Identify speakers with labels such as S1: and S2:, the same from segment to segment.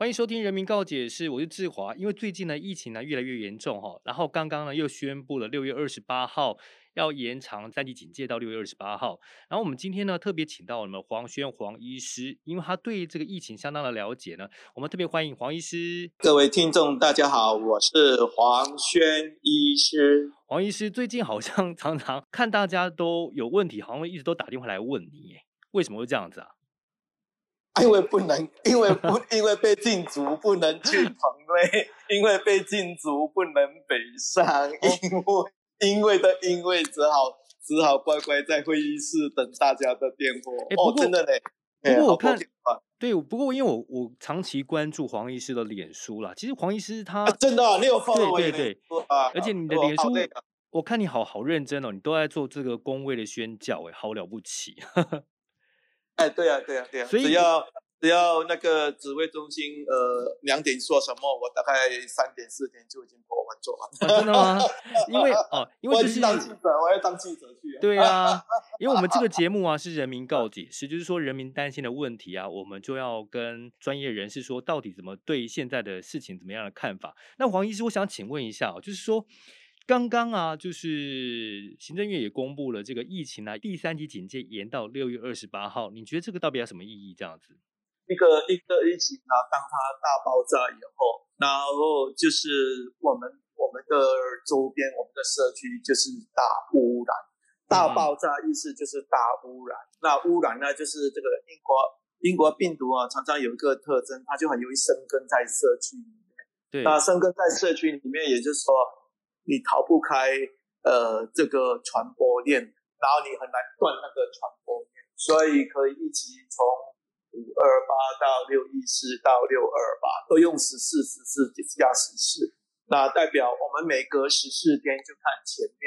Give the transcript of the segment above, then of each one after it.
S1: 歡迎收聽《人民告解室》，我是志華。因為最近呢，疫情呢越來越嚴重哈，然後剛剛呢又宣布了六月二十八號要延長三級警戒到六月二十八號。然後我們今天呢特別請到我們黃軒黃醫師，因為他對這個疫情相當的了解呢，我們特別歡迎黃醫師。
S2: 各位聽眾，大家好，我是黃軒醫
S1: 師。黃醫師最近好像常常看大家都有問題，好像一直都打電話來問你，為什麼會這樣子啊？
S2: 啊、因為不能，因為不，因為被禁足不能去棚內。 因為被禁足不能北上，哦，因為因為的因為只好只好乖乖在會議室等大家的電波。欸、哦，真的呢，不過我看，
S1: 欸、對，不過因為我我長期關注黃醫師的臉書啦，其實黃醫師他，啊、真的六，啊啊、對對對，啊，而且你的臉書，啊我啊，我看你好好認真哦，你都在做這個公衛的宣教，哎，好了不起。
S2: 哎，對呀、啊，對呀、啊，對呀、啊，所以只要只要那個指揮中心，呃，兩點說什麼，我大概三點四點就已經幫我們做完、啊，真的嗎？因為哦、 啊，因為、就是、這是當記者，我要當
S1: 記者去。對啊，因為我們這個節目啊是人民告解 是就是說人民擔心的問題啊，我們就要跟專業人士說到底怎麼對現在的事情怎麼樣的看法。那黃醫師，我想請問一下，就是說。剛剛啊，就是行政院也公布了這個疫情啊，第三級警戒，延到六月二十八號。你覺得這個到底有什麼意義這樣子？
S2: 一個一個疫情啊，當它大爆炸以後，然後就是我們我們的周邊、我們的社區就是大污染。大爆炸意思就是大污染。那污染呢，就是這個英國英國病毒啊，常常有一個特徵，它就很容易生根在社區裡面。對，那生根在社區裡面，也就是說。你逃不開，呃，這個傳播鏈，然後你很難斷那個傳播鏈，所以可以一起從五二八到六一四到六二八，都用十四十四，就是加十四。那代表我們每隔十四天就看前面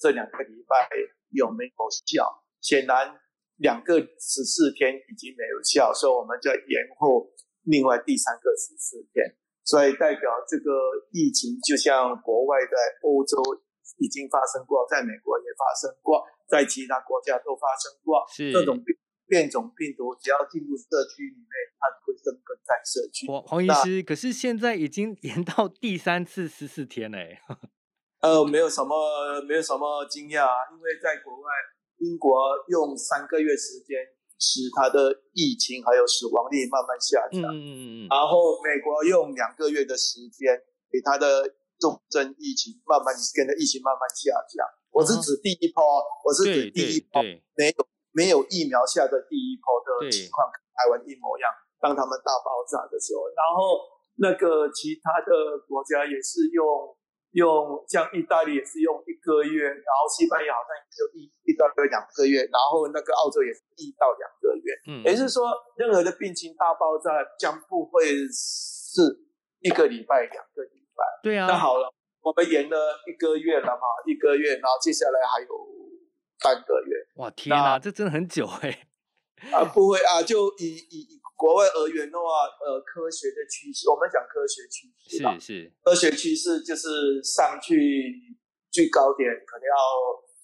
S2: 這兩個禮拜有沒有效，顯然兩個十四天已經沒有效，所以我們就要延後另外第三個十四天。所以代表這個疫情就像國外在歐洲已經發生過，在美國也發生過，在其他國家都發生過，是這種變變種病毒只要進入社區裡面，它就會扎根在社區。黃黃醫師，
S1: 可是現在已經延到第三次十四天嘞。
S2: 呃，沒有什麼沒有什麼驚訝啊，因為在國外英國用三個月時間。使他的疫情還有死亡率慢慢下降，嗯
S3: 嗯，
S2: 然後美國用兩個月的時間，給他的重症疫情慢慢跟着疫情慢慢下降，嗯。我是指第一波，我是指第一波，沒有沒有疫苗下的第一波的情況，跟台灣一模一樣，當他們大爆炸的時候，然後那個其他的國家也是用。用像意大利也是用一個月，然後西班牙好像也就一、一到兩個月，然後那個澳洲也是一到兩個月。嗯，嗯，也就是說任何的病情大爆炸將不會是一個禮拜、兩個禮拜。對啊，那好了，我們延了一個月了嘛，一個月，然後接下來還有三個月。
S1: 哇，天吶，這真的很久哎、欸！
S2: 啊，不會啊，就一、一、一。國外而言的話，呃，科學的趨勢，我們講科學趨勢是
S3: 吧？是。
S2: 科學趨勢就是上去最高點可能要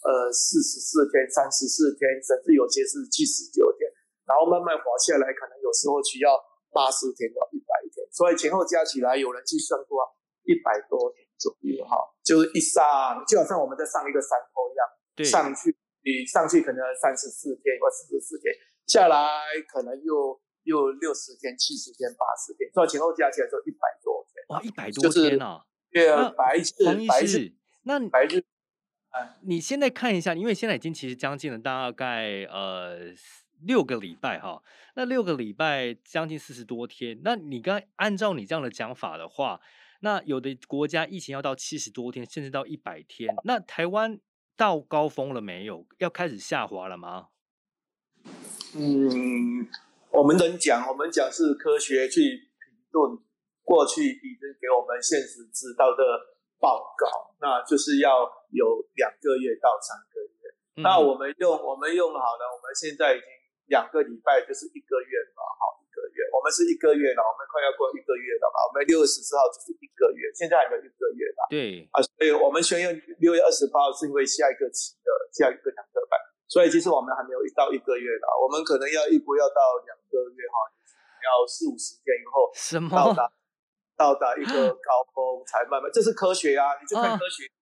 S2: 呃四十四天、三十四天，甚至有些是七十九天，然後慢慢滑下來，可能有時候需要八十天到一百天，所以前後加起來，有人計算過一百多天左右哈，就是一上就好像我們在上一個山坡一樣，對。上去你上去可能要三十四天或四十四天，下來可能又。又六十天、七十天、八十天，到前後加起來就一百多天。哇，一百多天啊！對啊，白日白日，那白日，那你，白日、
S1: 哎、你現在看一下，因為現在已經其實將近了，大概呃六個禮拜哈。那六個禮拜將近四十多天，那你剛按照你這樣的講法的話，那有的國家疫情要到七十多天，甚至到一百天，那台灣到高峰了沒有？要開始下滑了嗎？嗯。
S2: 我們能講，我們講是科學去評論過去已經給我們現實知道的報告，那就是要有兩個月到三個月。嗯、那我們用我們用好了，我們現在已經兩個禮拜，就是一個月了，哈，一個月。我們是一個月了，我們快要過一個月了嘛，我們六月十四號就是一個月，現在還沒有一個月了。對啊，所以我們先用六月二十八號，是因為下一個期的下一個兩個禮拜。所以其實我們還沒有到一個月的，我們可能要一波要到兩個月哈、啊，就是、要四五十天以後到達什麼到達一個高峰才慢慢，這是科學啊！你就看科學，啊、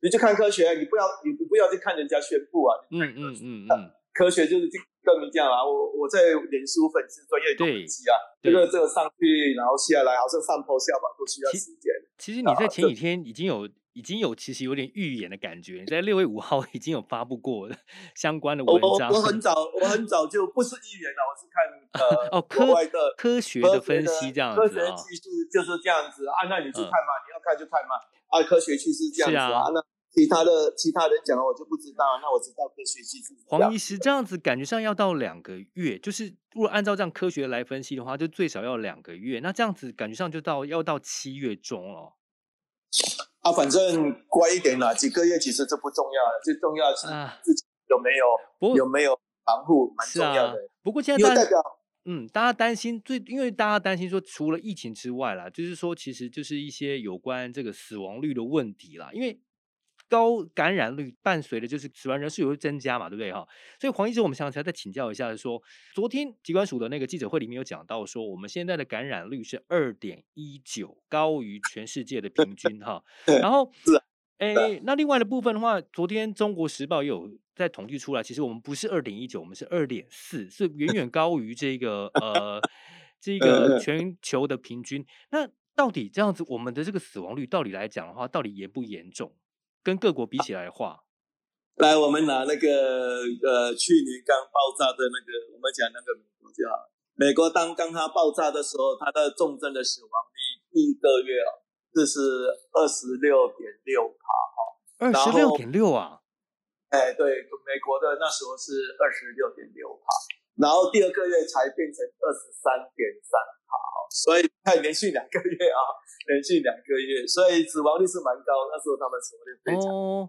S2: 你就看科學，你不要你不要去看人家宣布啊！嗯、你看科學，嗯嗯嗯嗯、啊，科學就是這麼這樣嘛、啊。我我在臉書粉絲專頁統計啊，這個這個上去然後下來，好像上坡下坡都需要時間。
S1: 其實你在前幾天已經有。已經有其實有點預言的感覺，在六月五號已經有發布過了相關的文章我。我很早，
S2: 我很早就不是預言了，我是看呃， 哦，科的科學的分析這樣子科學技術就是這樣子啊。那你去看嘛、嗯？你要看就看嘛。啊，科學技術這樣子啊，啊。那其他的其他人講了，我就不知道、嗯。那我知道科學技術。
S1: 黃醫師這樣子感覺上要到兩個月，就是如果按照這樣科學來分析的話，就最少要兩個月。那這樣子感覺上就到要到七月中了。
S2: 啊，反正乖一點啦，幾個月其實這不重要了，最重要的是自己有沒有、啊、不有沒有防護，蠻重要的。
S1: 啊、不過現在大家，嗯，大家擔心最，因為大家擔心說，除了疫情之外啦，就是說，其實就是一些有關這個死亡率的問題啦，因為。高感染率伴隨的就是死亡人數有增加嘛，對不對哈？所以黃醫生我們想起來再請教一下說，說昨天疾管署的那個記者會裡面有講到說，我們現在的感染率是二點一九，高於全世界的平均哈。然後，哎，那另外的部分的話，昨天中國時報也有在統計出來，其實我們不是二點一九，我們是二點四，是遠遠高於這個呃這個全球的平均。那到底這樣子，我們的這個死亡率，到底來講的話，到底嚴不嚴重？跟各國比起來的話，
S2: 啊、來，我們拿那個呃，去年剛爆炸的那個，我們講那個名字叫，美國當剛它爆炸的時候，它的重症的死亡率第一個月這是二十六點六趴，二十六點六啊，哎，對，美國的那時候是二十六點六趴，然後第二個月才變成二十三點三趴所以他連續兩個月啊，連續兩個月，所以死亡率是蠻高。那時候他們死亡率非常高。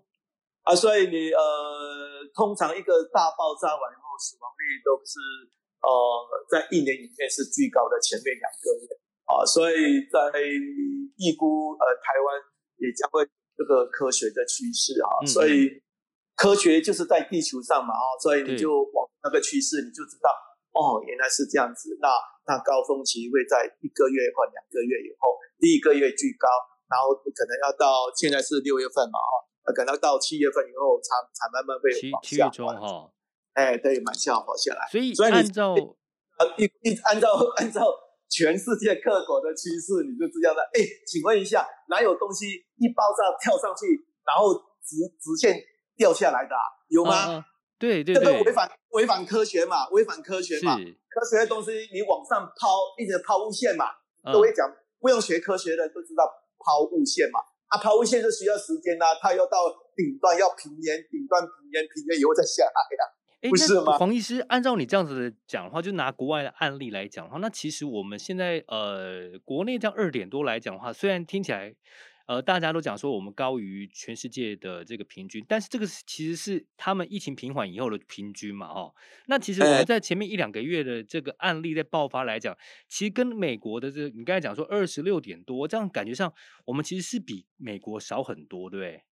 S2: 啊，所以你呃，通常一個大爆炸完以後，死亡率都是呃，在一年裡面是最高的，前面兩個月啊。所以在預估呃，台灣也將會這個科學的趨勢啊。所以科學就是在地球上嘛啊，所以你就往那個趨勢，你就知道哦，原來是這樣子那。高峰期會在一個月或兩個月以後，第一個月居高，然後可能要到現在是六月份嘛，哦，可能要到七月份以後才才慢慢會往下來。七、七月中哈，哎、欸，對，慢下來下來。所以，所以你按照一、欸、按照按照全世界各國的趨勢，你就知道了。哎、欸，請問一下，哪有東西一爆炸跳上去，然後直直線掉下來的、啊？有嗎？啊、對對對，這個違反違反科學嘛？違反科學嘛？科學的東西，你往上拋，一直拋物線嘛。都會講，不用學科學的都知道拋物線嘛。嗯、啊，拋物線是需要時間的、啊，它要到頂端要平原，頂端平原平原以後再下來呀。哎，不是嗎？欸、黃
S3: 醫
S1: 師，按照你這樣子的講的話，就拿國外的案例來講的話，那其實我們現在呃，國內這樣二點多來講的話，雖然聽起來。呃，大家都講說我們高於全世界的這個平均，但是這個其實是他們疫情平緩以後的平均嘛，哦，那其實我們在前面一兩個月的這個案例在爆發來講，欸、其實跟美國的這個、你剛才講說二十六點多，這樣感覺上我們其實是比美國少很多，對？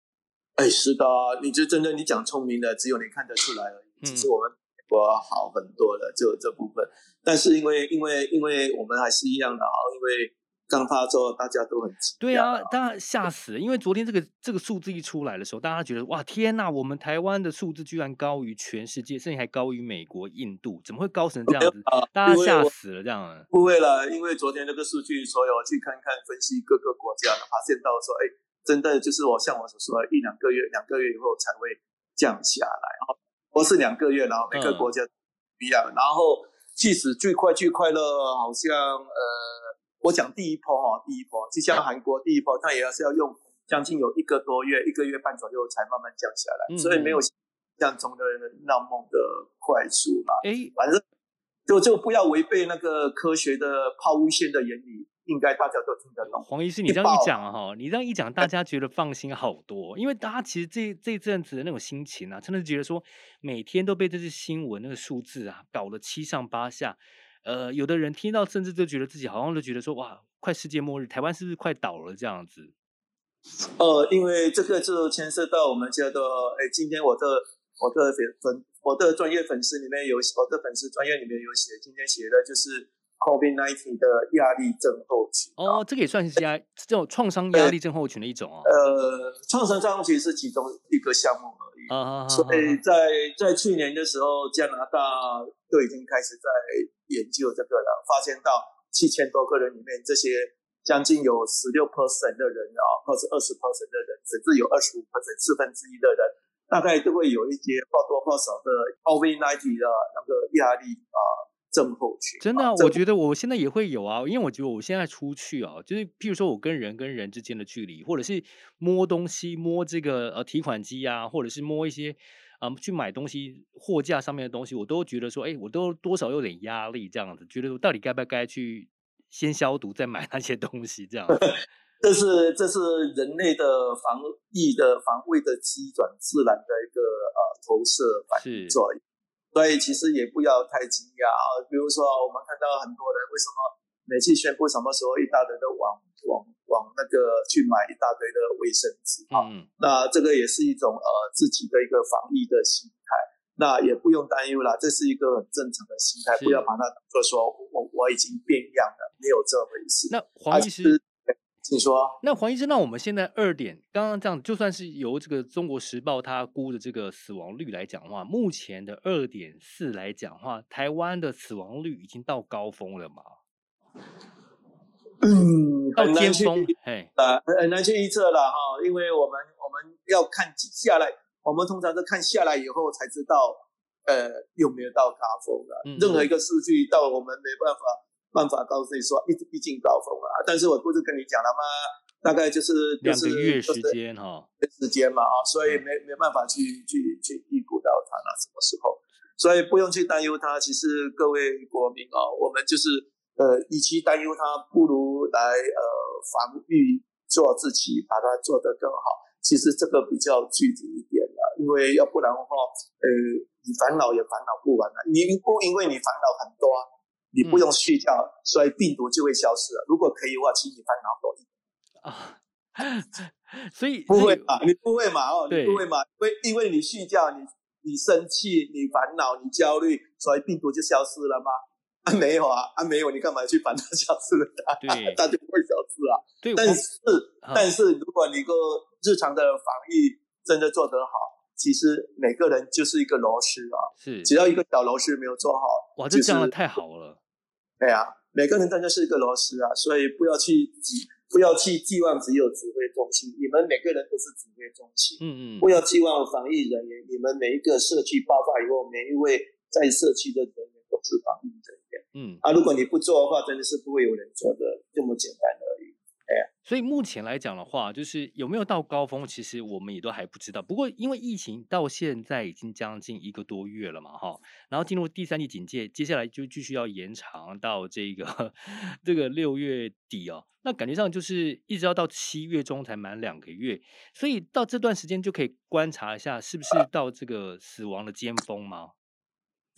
S2: 哎、欸，是的，你就真的你講聰明的，只有你看得出來而已、嗯。其實我們比美國好很多的，就這部分。但是因為因為因為我們還是一樣的啊，因為。剛發作，大家都很急、啊。對啊，
S1: 大家嚇死了，因為昨天這個這個數字一出來的時候，大家覺得哇，天哪，我們台灣的數字居然高於全世界，甚至還高於美國、印度，怎麼會高成這樣子？啊、大家嚇死
S2: 了，這樣。不會了，因為昨天這個數據，所以我去看看分析各個國家，發現到說，哎，真的就是我像我所說的，一兩個月，兩個月以後才會降下來。然後不是兩個月，然後每個國家都一樣、嗯。然後即使最快最快樂，好像呃。我講第一波哈，第一波就像韓國第一波，它也要是要用將近有一個多月、嗯、一個月半左右才慢慢降下來，嗯、所以沒有像中國那麼的快速、欸、反正就就不要違背那個科學的拋物線的原理，應該大家都聽得懂。黃醫師，你這樣一講
S1: 哈、哦，你這樣一講，大家覺得放心好多、哦嗯，因為大家其實這這一陣子的那種心情啊，真的是覺得說每天都被這些新聞那個數字啊搞了七上八下。呃，有的人聽到，甚至就覺得自己好像就覺得說，哇，快世界末日，台灣是不是快倒了這樣子？
S2: 呃，因為這個就牽涉到我們叫做，哎、欸，今天我的我的粉粉，我的專業粉絲裡面有，我的粉絲專業裡面有寫，今天寫的就是。Covid nineteen 的壓力症候群
S1: 哦、啊，這個也算是 I 這種創傷壓力症候群的一種、啊、呃，
S2: 創傷症候群是其中一個項目而已啊。所以在在去年的時候，加拿大都已經開始在研究這個了，發現到七千多個人裡面，這些將近有十六 percent 的人啊，或是二十 percent 的人，甚至有二十五 percent 四分之一的人，大概都會有一些或多或少的 Covid nineteen 的那個壓力啊。症候群真的、啊，我覺
S1: 得我現在也會有啊，因為我覺得我現在出去啊，就是譬如說我跟人跟人之間的距離，或者是摸東西、摸這個呃提款機啊，或者是摸一些啊、呃、去買東西貨架上面的東西，我都覺得說，哎，我都多少有點壓力這樣子，覺得我到底該不該去先消毒再買那些東西這樣子？
S2: 這是這是人類的防疫的防衛的機轉，自然的一個呃、啊、投射反應。是所以其實也不要太驚訝啊，比如說我們看到很多人為什麼每次宣布什麼時候，一大堆的往往往那個去買一大堆的衛生紙啊、嗯，那這個也是一種呃自己的一個防疫的心態，那也不用擔憂啦，這是一個很正常的心態，不要把它當做說我我已經變樣了，沒有這回事。那黃醫師。啊就是你
S1: 說，那黃醫生，那我們現在二點，剛剛這樣，就算是由這個《中國時報》他估的這個死亡率來講的話，目前的二點四來講的話，台灣的死亡率已經到高峰了嗎？嗯，
S3: 到巔峰，
S2: 嘿，呃，很難去預測了哈，因為我們我們要看接下來，我們通常都看下來以後才知道，呃，有沒有到高峰的。任何一個數據到我們沒辦法。辦法告訴你說，畢畢竟高峰啊，但是我不是跟你講了嗎？大概就是兩、就是、個月時間哈，就是、時間嘛啊、嗯，所以沒沒辦法去去去預估到它那、啊、什麼時候，所以不用去擔憂它。其實各位國民哦、喔，我們就是呃，與其擔憂它，不如來呃防御，做自己，把它做得更好。其實這個比較具體一點的，因為要不然的話，呃，你煩惱也煩惱不完啊，你不因為你煩惱很多。啊。你不用睡覺、嗯，所以病毒就會消失了。如果可以的話，請你煩惱多一點啊、哦。所
S3: 以，所以不會啊，你
S2: 不會嘛？哦，你不會嘛？因為因為你睡覺，你你生氣，你煩惱，你焦慮，所以病毒就消失了嗎？啊，沒有啊，啊，沒有，你幹嘛去煩惱消失了？對，它 就不會消失啊。但是但是，如果你個日常的防疫真的做得好。其實每個人就是一個螺絲啊，是，只要一個小螺絲沒有做好，哇，就是、這講的太好了，對啊，每個人真的是一個螺絲啊，所以不要去不要去寄望只有指揮中心，你們每個人都是指揮中心，嗯嗯，不要寄望防疫人員，你們每一個社區爆發以後，每一位在社區的人員都是防疫人員，嗯啊，如果你不做的話，真的是不會有人做的，這麼簡單而已。
S1: 所以目前來講的話，就是有沒有到高峰，其實我們也都還不知道。不過因為疫情到現在已經將近一個多月了嘛，哈，然後進入第三級警戒，接下來就繼續要延長到這個這個六月底哦。那感覺上就是一直要到，到七月中才滿兩個月，所以到這段時間就可以觀察一下，是不是到這個死亡的尖峰嗎？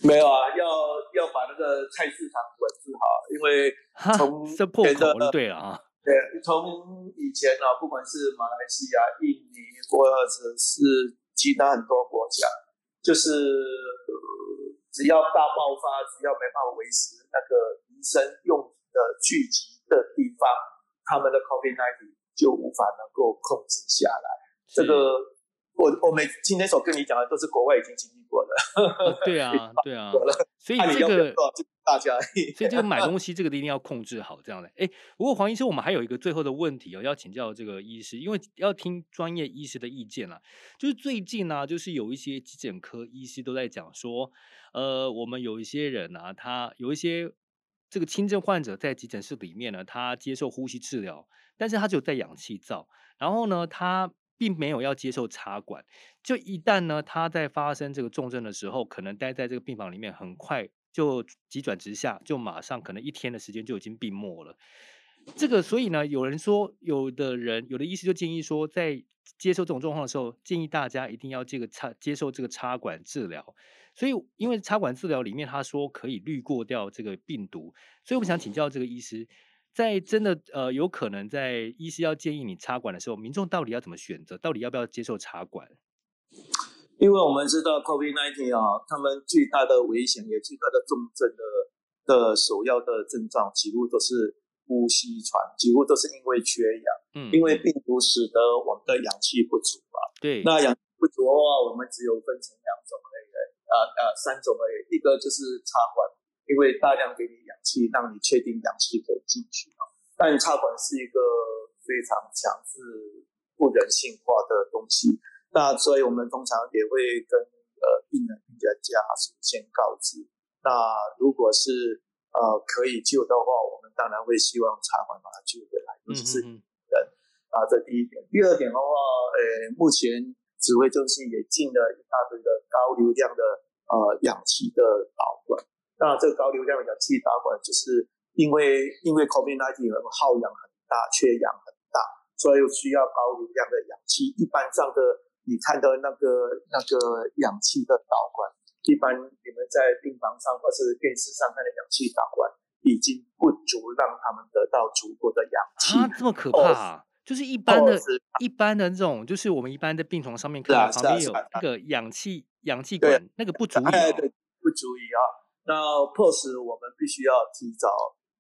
S2: 沒有啊，要要把那個菜市場
S1: 管制好，因為從哈這破口就
S3: 對了啊。
S2: 對，從以前啊，不管是馬來西亞、印尼，或者是其他很多國家，就是、呃、只要大爆發，只要沒辦法維持那個民生用的聚集的地方，他們的 COVID-19 就無法能夠控制下來。這個我，我我每今天所跟你講的，都是國外已經經歷過的
S3: 啊。對啊，對
S2: 啊，
S1: 所以、這個大家，所以這個買東西，這個一定要控制好這樣的。哎，不過黃醫生我們還有一個最後的問題哦，要請教這個醫師，因為要聽專業醫師的意見了、啊。就是最近呢、啊，就是有一些急診科醫師都在講說，呃，我們有一些人啊，他有一些這個輕症患者在急診室裡面呢，他接受呼吸治療，但是他只有在氧氣罩，然後呢，他並沒有要接受插管。就一旦呢，他在發生這個重症的時候，可能待在這個病房裡面，很快。就急轉直下，就馬上可能一天的時間就已經病沒了。這個，所以呢，有人說，有的人有的醫師就建議說，在接受這種狀況的時候，建議大家一定要這個插接受這個插管治療。所以，因為插管治療裡面他說可以濾過掉這個病毒，所以我們想請教這個醫師，在真的呃有可能在醫師要建議你插管的時候，民眾到底要怎麼選擇，到底要不要接受插
S2: 管？因為我們知道 COVID-19 啊，他們巨大的危險，也最大的重症的的首要的症狀，幾乎都是呼吸喘，幾乎都是因為缺氧，嗯，因為病毒使得我們的氧氣不足啊。對，那氧氣不足的話，我們只有分成兩種類的，呃、啊、呃、啊、三種類，一個就是插管，因為大量給你氧氣，讓你確定氧氣可以進去啊，但插管是一個非常強制、不人性化的東西。那所以，我們通常也會跟呃病人跟家屬先告知。那如果是呃可以救的話，我們當然會希望插管把它救回來，尤其是人啊。這第一點。第二點的話，誒、欸，目前指揮中心也進了一大堆的高流量的呃氧氣的導管。那這個高流量的氧氣導管，就是因為因為 COVID-19 耗氧很大，缺氧很大，所以需要高流量的氧氣。一般上的。你看到那個那個氧氣的導管，一般你們在病房上或是電視上看的氧氣導管，已經不足讓他們得到足夠的氧氣。啊，
S1: 這麼可怕、啊，
S2: 就是一般的、
S1: 一般的這種，就是我們一般在病床上面看到旁邊有那個氧氣、啊啊啊啊、氧氣、氧氣管，那個不足以、啊對對，
S2: 不足以啊，那迫使我們必須要提早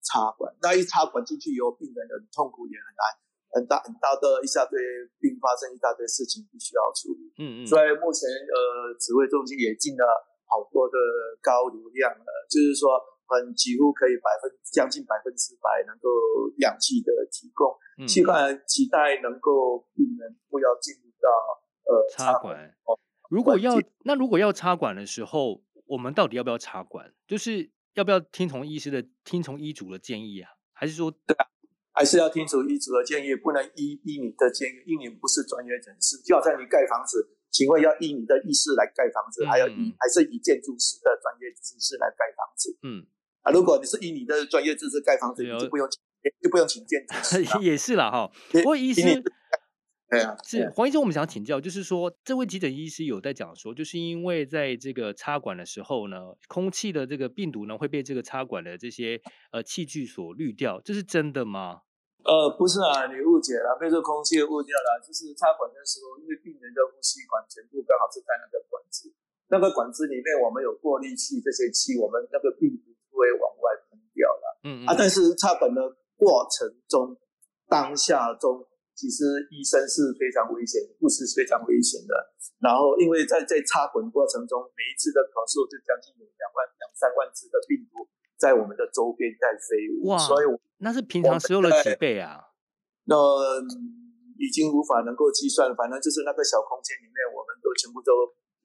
S2: 插管。那一插管進去以後，病人很痛苦，也很難。很大很大的一大堆併發症，一大堆事情，必須要處理。嗯嗯，所以目前呃，指揮中心也進了好多的高流量了，就是說，很幾乎可以百分將近百分之百能夠氧氣的提供。嗯，嗯，期盼期待能夠病人不要進入到呃插管。
S1: 哦，如果要那如果要插管的時候，嗯，我們到底要不要插管？就是要不要聽從醫師的聽從醫囑的建議啊？還是說對啊？
S2: 還是要聽從醫者的建議，不能依依你的建議。因為你不是專業人士，就好像你蓋房子，請問要依你的意思來蓋房子，嗯嗯，還要依還是以建築師的專業知識來蓋房子？嗯，啊，如果你是以你的專業知識蓋房子，你就不用就不用請建築
S1: 師、啊、 也是了哈，我意思。對啊，對啊，是黃醫生，我們想請教，就是說這位急診醫師有在講說，就是因為在這個插管的時候呢，空氣的這個病毒呢會被這個插管的這些呃器具所濾掉，這是真的嗎？
S2: 呃，不是啊，你誤解了，被這空氣誤掉了。就是插管的時候，因為病人的呼吸管全部剛好是在那個管子，那個管子裡面我們有過濾器，這些氣我們那個病毒就會往外噴掉了。嗯，嗯。啊，但是插管的過程中，當下中。其實醫生是非常危險，護士是非常危險的。然後，因為在在插管過程中，每一次的咳嗽就將近有兩萬、兩三萬次的病毒在我們的周邊在飛舞。哇！所以
S1: 那是平常時候的幾倍
S2: 啊？那、嗯、已經無法能夠計算。反正就是那個小空間裡面，我們都全部都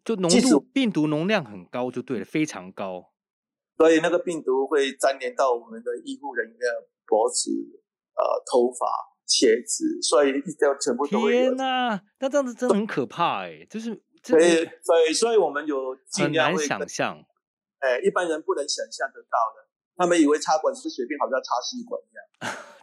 S1: 就濃度病毒容量很高，就對了，非常高。
S2: 所以那個病毒會粘連到我們的醫護人員的脖子、呃頭髮。茄子，所以一定要全部都天哪、
S1: 啊！那這樣子真的很可怕哎、欸，就是所以
S2: 所以所以我們有很、呃、難想象，哎、欸，一般人不能想象得到的。他們以為插管是隨便，好像插吸管一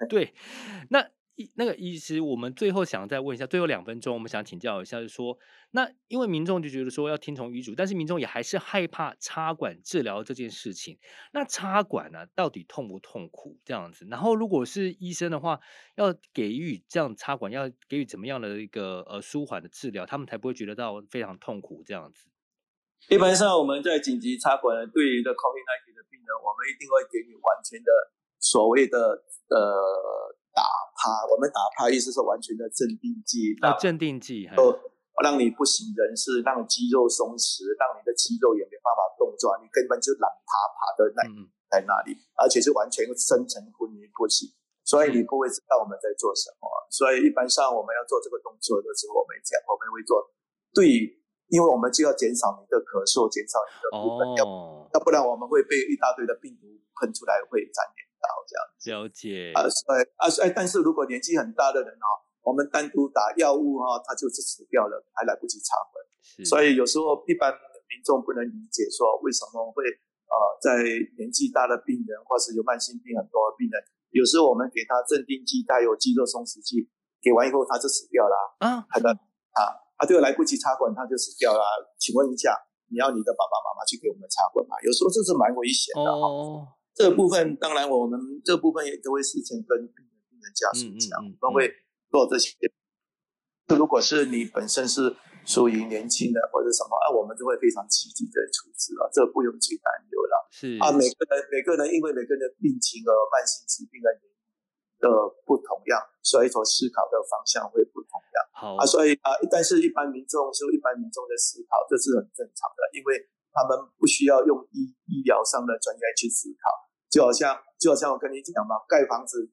S2: 樣。
S1: 對， 那。一那個醫師，我們最後想再問一下，最後兩分鐘，我們想請教一下，就是說，那因為民眾就覺得說要聽從醫囑，但是民眾也還是害怕插管治療這件事情。那插管呢、啊，到底痛不痛苦這樣子？然後如果是醫生的話，要給予這樣插管，要給予怎麼樣的一個呃舒緩的治療，他們才不會覺得到非常痛苦這樣子？
S2: 一般上我們在緊急插管對於一個 COVID nineteen 的病人，我們一定會給予完全的所謂的呃。打趴，我們打趴意思是完全的鎮定劑，那鎮定劑，哦，讓你不省人事，讓你肌肉鬆弛，讓你的肌肉也沒辦法動作，你根本就懶趴趴的那在那裡，而且是完全深層昏迷不醒。所以你不會知道我們在做什麼，嗯。所以一般上我們要做這個動作的時候，我們講我們會做對，因為我們就要減少你的咳嗽，減少你的部分，哦，要要不然我們會被一大堆的病毒噴出來會感染。
S3: 這樣子啊所
S2: 以，啊所以，但是如果年紀很大的人哦、啊，我們單獨打藥物哈、啊，他就是死掉了，還來不及插管。所以有時候一般的民眾不能理解說為什麼會、呃、在年紀大的病人或是有慢性病很多的病人，有時候我們給他鎮定劑帶有肌肉鬆弛劑，給完以後他就死掉了，嗯、啊，還能啊，他就來不及插管，他就死掉了。請問一下，你要你的爸爸媽媽去給我們插管嗎？有時候這是蠻危險的哦。這部分當然，我們這部分也都會事先跟病人家屬講、嗯嗯嗯，都會做這些。如果是你本身是屬於年輕的或者什麼，啊，我們就會非常積極的處置了、啊，這不用去擔憂了。啊，啊，每個人每個人因為每個人的病情和慢性疾病的不同樣，所以所思考的方向會不同樣。啊，所以啊，但是一般民眾就一般民眾的思考，這是很正常的，因為。他們不需要用醫醫療上的專業去思考，就好像就好像我跟你講嘛，蓋房子，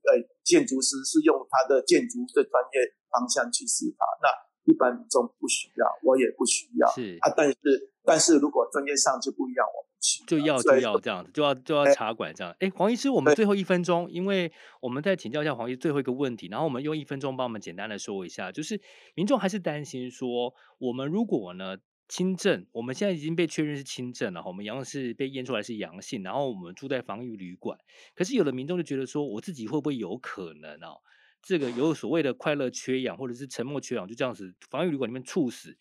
S2: 建築師是用他的建築的專業方向去思考，那一般民眾不需要，我也不需要，是啊，但是但是如果專業上就不一樣，我們就要就要這樣子，
S1: 就要就要插管這樣。哎、欸欸，黃醫師、欸，我們最後一分鐘，因為我們再請教一下黃醫師最後一個問題，然後我們用一分鐘幫我們簡單的說一下，就是民眾還是擔心說，我們如果呢？輕症，我們現在已經被確認是輕症了，我們陽是被驗出來是陽性，然後我們住在防疫旅館。可是有的民眾就覺得說，我自己會不會有可能哦、啊？這個有所謂的快樂缺氧，或者是沉默缺氧，就這樣子，防疫旅館裡面猝死。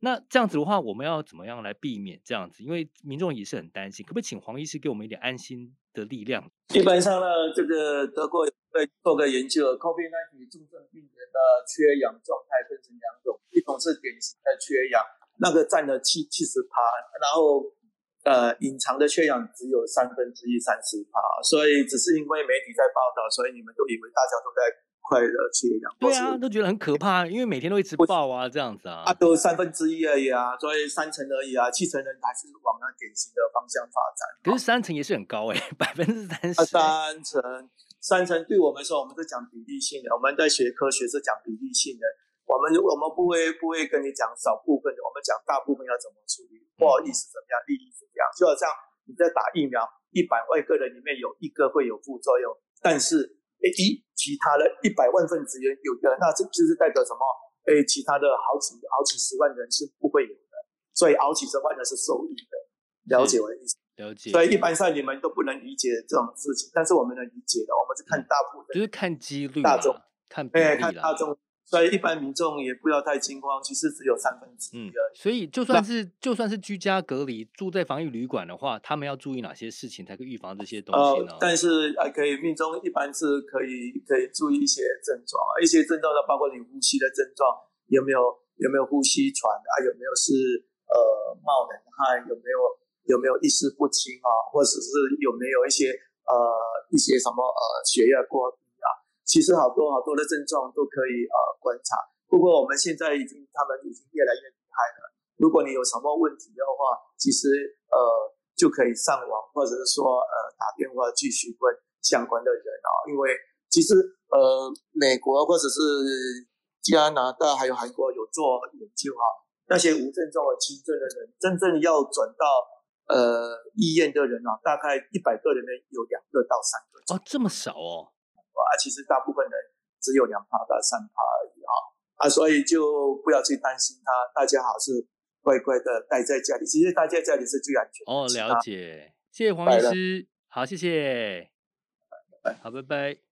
S1: 那這樣子的話，我們要怎麼樣來避免這樣子？因為民眾也是很擔心，可不可以請黃醫師給我們一點安心的力量？
S2: 基本上呢，這個德國在做個研究，COVID-19 重症病人的缺氧狀態分成兩種，一種是典型的缺氧。那個占了七七十趴，然後，呃，隱藏的缺氧只有三分之一，三十趴，所以只是因為媒體在報道，所以你們都以為大家都在快樂缺氧。對啊，
S1: 都覺得很可怕，因為每天都一直報啊，這樣子啊。啊，
S2: 都三分之一而已啊，所以三成而已啊，七成人還是往那典型的方向發展。可
S1: 是三成也是很高哎、欸，百分
S2: 之三十。三成，三成對我們說，我們是講比例性的，我們在學科學是講比例性的。我們如果我們不會不會跟你講少部分的，我們講大部分要怎麼處理，不好意思怎麼樣，利益怎麼樣，就好像你在打疫苗，一百萬個人裡面有一個會有副作用，但是誒，其他的一百萬份職員有的，那這就是代表什麼？誒，其他的好幾好幾十萬人是不會有的，所以好幾十萬人是受益的，了解我的意思？了解。所以一般上你們都不能理解這種事情，但是我們能理解的，我們是看大部分、嗯，就是看幾率，大眾看，誒，看大眾。所以一般民眾也不要太驚慌，其實只有三分之一而已。個、嗯。
S1: 所以就算是就算是居家隔離，住在防疫旅館的話，他們要注意哪些事情，才可以預防這些東西呢？呃、但
S2: 是還可以，民眾一般是可以可以注意一些症狀，一些症狀呢，包括你呼吸的症狀，有沒有有沒有呼吸喘啊？有沒有是呃冒冷汗？有沒有有沒有意識不清啊？或者是有沒有一些呃一些什麼呃血壓過？其實好多好多的症狀都可以呃觀察，不過我們現在已經他們已經越來越厲害了。如果你有什麼問題的話，其實呃就可以上網或者是說呃打電話去詢問相關的人哦。因為其實呃美國或者是加拿大還有韓國有做研究哈、哦，那些無症狀的輕症的人真正要轉到呃醫院的人啊、哦，大概一百個人呢有兩個到三個哦，這麼少哦。啊，其實大部分人只有兩趴到三趴而已哈、啊，啊，所以就不要去擔心他，大家好是乖乖的待在家裡，其實待在家裡是最安全的。哦，了
S1: 解，謝謝黃醫師。好，謝謝，拜拜，好，拜拜。